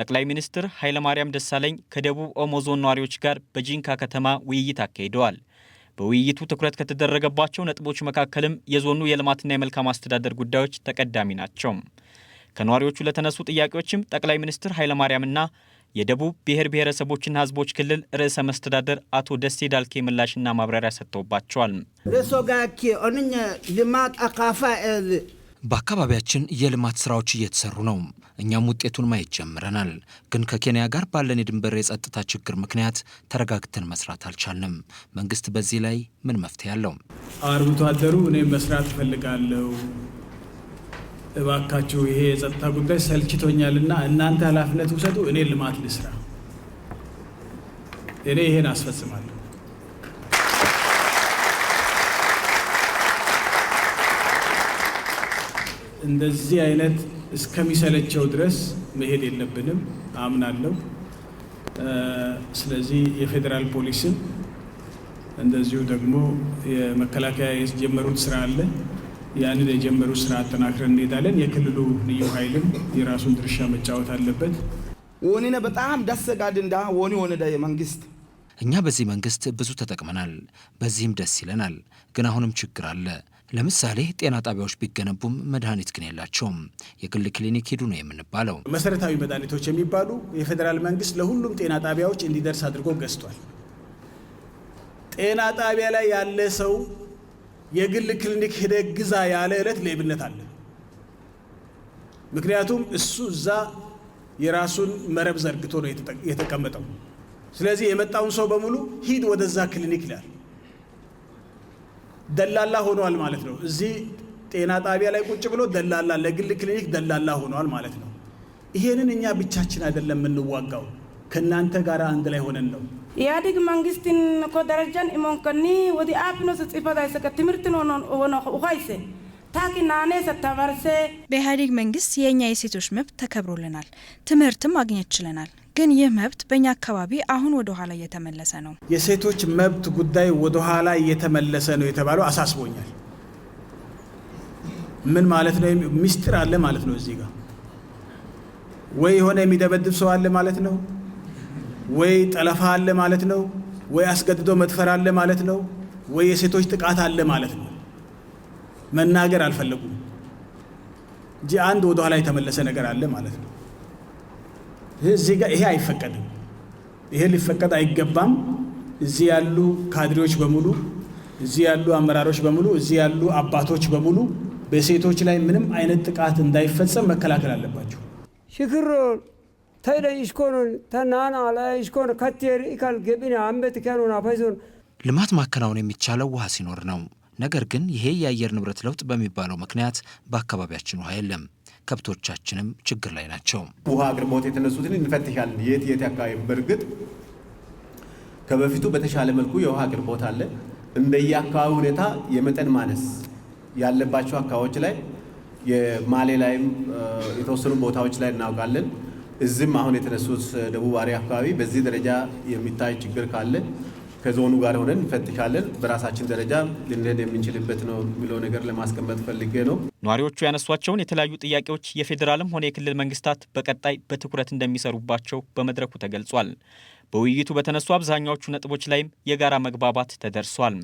ጠቅላይ ሚኒስትር ኃይለማርያም ደሳለኝ ከደቡብ ኦሞ ዞን ነዋሪዎች ጋር በጂንካ ከተማ ውይይት አካሂደዋል። በውይይቱ ትኩረት ከተደረገባቸው ነጥቦች መካከልም የዞኑ የልማትና የመልካም አስተዳደር ጉዳዮች ተቀዳሚ ናቸው። ከነዋሪዎቹ ለተነሱ ጥያቄዎችም ጠቅላይ ሚኒስትር ኃይለማርያምና የደቡብ ብሔር ብሔረሰቦችና ሕዝቦች ክልል ርዕሰ መስተዳደር አቶ ደሴ ዳልኬ ምላሽና ማብራሪያ ሰጥተውባቸዋል። ርዕሶ ጋኬ ኦንኛ ልማት አካፋ በአካባቢያችን የልማት ስራዎች እየተሰሩ ነው። እኛም ውጤቱን ማየት ጀምረናል። ግን ከኬንያ ጋር ባለን የድንበር የጸጥታ ችግር ምክንያት ተረጋግተን መስራት አልቻልንም። መንግስት በዚህ ላይ ምን መፍትሄ አለው? አርብቶ አደሩ እኔም መስራት እፈልጋለሁ፣ እባካችሁ ይሄ የጸጥታ ጉዳይ ሰልችቶኛልና እናንተ ኃላፊነት ውሰዱ፣ እኔ ልማት ልስራ፣ እኔ ይሄን አስፈጽማለሁ እንደዚህ አይነት እስከሚሰለቸው ድረስ መሄድ የለብንም አምናለሁ። ስለዚህ የፌዴራል ፖሊስን እንደዚሁ ደግሞ የመከላከያ የጀመሩት ስራ አለ። ያንን የጀመሩ ስራ አጠናክረን እንሄዳለን። የክልሉ ልዩ ኃይልም የራሱን ድርሻ መጫወት አለበት። ወኒነ በጣም ዳሰጋድንዳ ወኒ ወነዳ የመንግስት እኛ በዚህ መንግስት ብዙ ተጠቅመናል፣ በዚህም ደስ ይለናል። ግን አሁንም ችግር አለ። ለምሳሌ ጤና ጣቢያዎች ቢገነቡም መድኃኒት ግን የላቸውም። የግል ክሊኒክ ሂዱ ነው የምንባለው። መሰረታዊ መድኃኒቶች የሚባሉ የፌዴራል መንግስት ለሁሉም ጤና ጣቢያዎች እንዲደርስ አድርጎ ገዝቷል። ጤና ጣቢያ ላይ ያለ ሰው የግል ክሊኒክ ሂደ ግዛ ያለ ዕለት ሌብነት አለ። ምክንያቱም እሱ እዛ የራሱን መረብ ዘርግቶ ነው የተቀመጠው። ስለዚህ የመጣውን ሰው በሙሉ ሂድ ወደዛ ክሊኒክ ይላል። ደላላ ሆኗል ማለት ነው። እዚህ ጤና ጣቢያ ላይ ቁጭ ብሎ ደላላ ለግል ክሊኒክ ደላላ ሆኗል ማለት ነው። ይሄንን እኛ ብቻችን አይደለም የምንዋጋው፣ ከእናንተ ጋር አንድ ላይ ሆነን ነው። ኢህአዴግ መንግስትን እኮ ደረጃን እሞንከኒ ወዲ አፕኖ ስጽፈታይሰከ ትምህርት ሆነ ኋይሴ ታኪ በኢህአዴግ መንግስት የእኛ የሴቶች መብት ተከብሮልናል፣ ትምህርትም ማግኘት ችለናል ግን ይህ መብት በእኛ አካባቢ አሁን ወደ ኋላ እየተመለሰ ነው። የሴቶች መብት ጉዳይ ወደኋላ እየተመለሰ ነው የተባለው አሳስቦኛል። ምን ማለት ነው? ሚስጢር አለ ማለት ነው። እዚህ ጋር ወይ የሆነ የሚደበድብ ሰው አለ ማለት ነው፣ ወይ ጠለፋ አለ ማለት ነው፣ ወይ አስገድዶ መድፈር አለ ማለት ነው፣ ወይ የሴቶች ጥቃት አለ ማለት ነው። መናገር አልፈለጉም እንጂ አንድ ወደኋላ የተመለሰ ነገር አለ ማለት ነው። እዚህ ጋር ይሄ አይፈቀድም፣ ይሄ ሊፈቀድ አይገባም። እዚህ ያሉ ካድሬዎች በሙሉ እዚህ ያሉ አመራሮች በሙሉ እዚህ ያሉ አባቶች በሙሉ በሴቶች ላይ ምንም አይነት ጥቃት እንዳይፈጸም መከላከል አለባቸው። ሽክሮ ተይለይሽኮኑ ተናና ላይሽኮኑ ከቴር ይካል ገቢና አንበት ከኑና ፈይዞን ልማት ማከናወን የሚቻለው ውሃ ሲኖር ነው። ነገር ግን ይሄ የአየር ንብረት ለውጥ በሚባለው ምክንያት በአካባቢያችን ውሃ የለም። ከብቶቻችንም ችግር ላይ ናቸው። ውሃ አቅርቦት የተነሱትን እንፈትሻለን። የት የት አካባቢ በእርግጥ ከበፊቱ በተሻለ መልኩ የውሃ አቅርቦት አለ። እንደየአካባቢ ሁኔታ የመጠን ማነስ ያለባቸው አካባቢዎች ላይ የማሌ ላይም የተወሰኑ ቦታዎች ላይ እናውቃለን። እዚህም አሁን የተነሱት ደቡብ አሪ አካባቢ በዚህ ደረጃ የሚታይ ችግር ካለ ከዞኑ ጋር ሆነን እንፈትሻለን። በራሳችን ደረጃ ልንሄድ የምንችልበት ነው የሚለው ነገር ለማስቀመጥ ፈልጌ ነው። ነዋሪዎቹ ያነሷቸውን የተለያዩ ጥያቄዎች የፌዴራልም ሆነ የክልል መንግስታት በቀጣይ በትኩረት እንደሚሰሩባቸው በመድረኩ ተገልጿል። በውይይቱ በተነሱ አብዛኛዎቹ ነጥቦች ላይም የጋራ መግባባት ተደርሷል።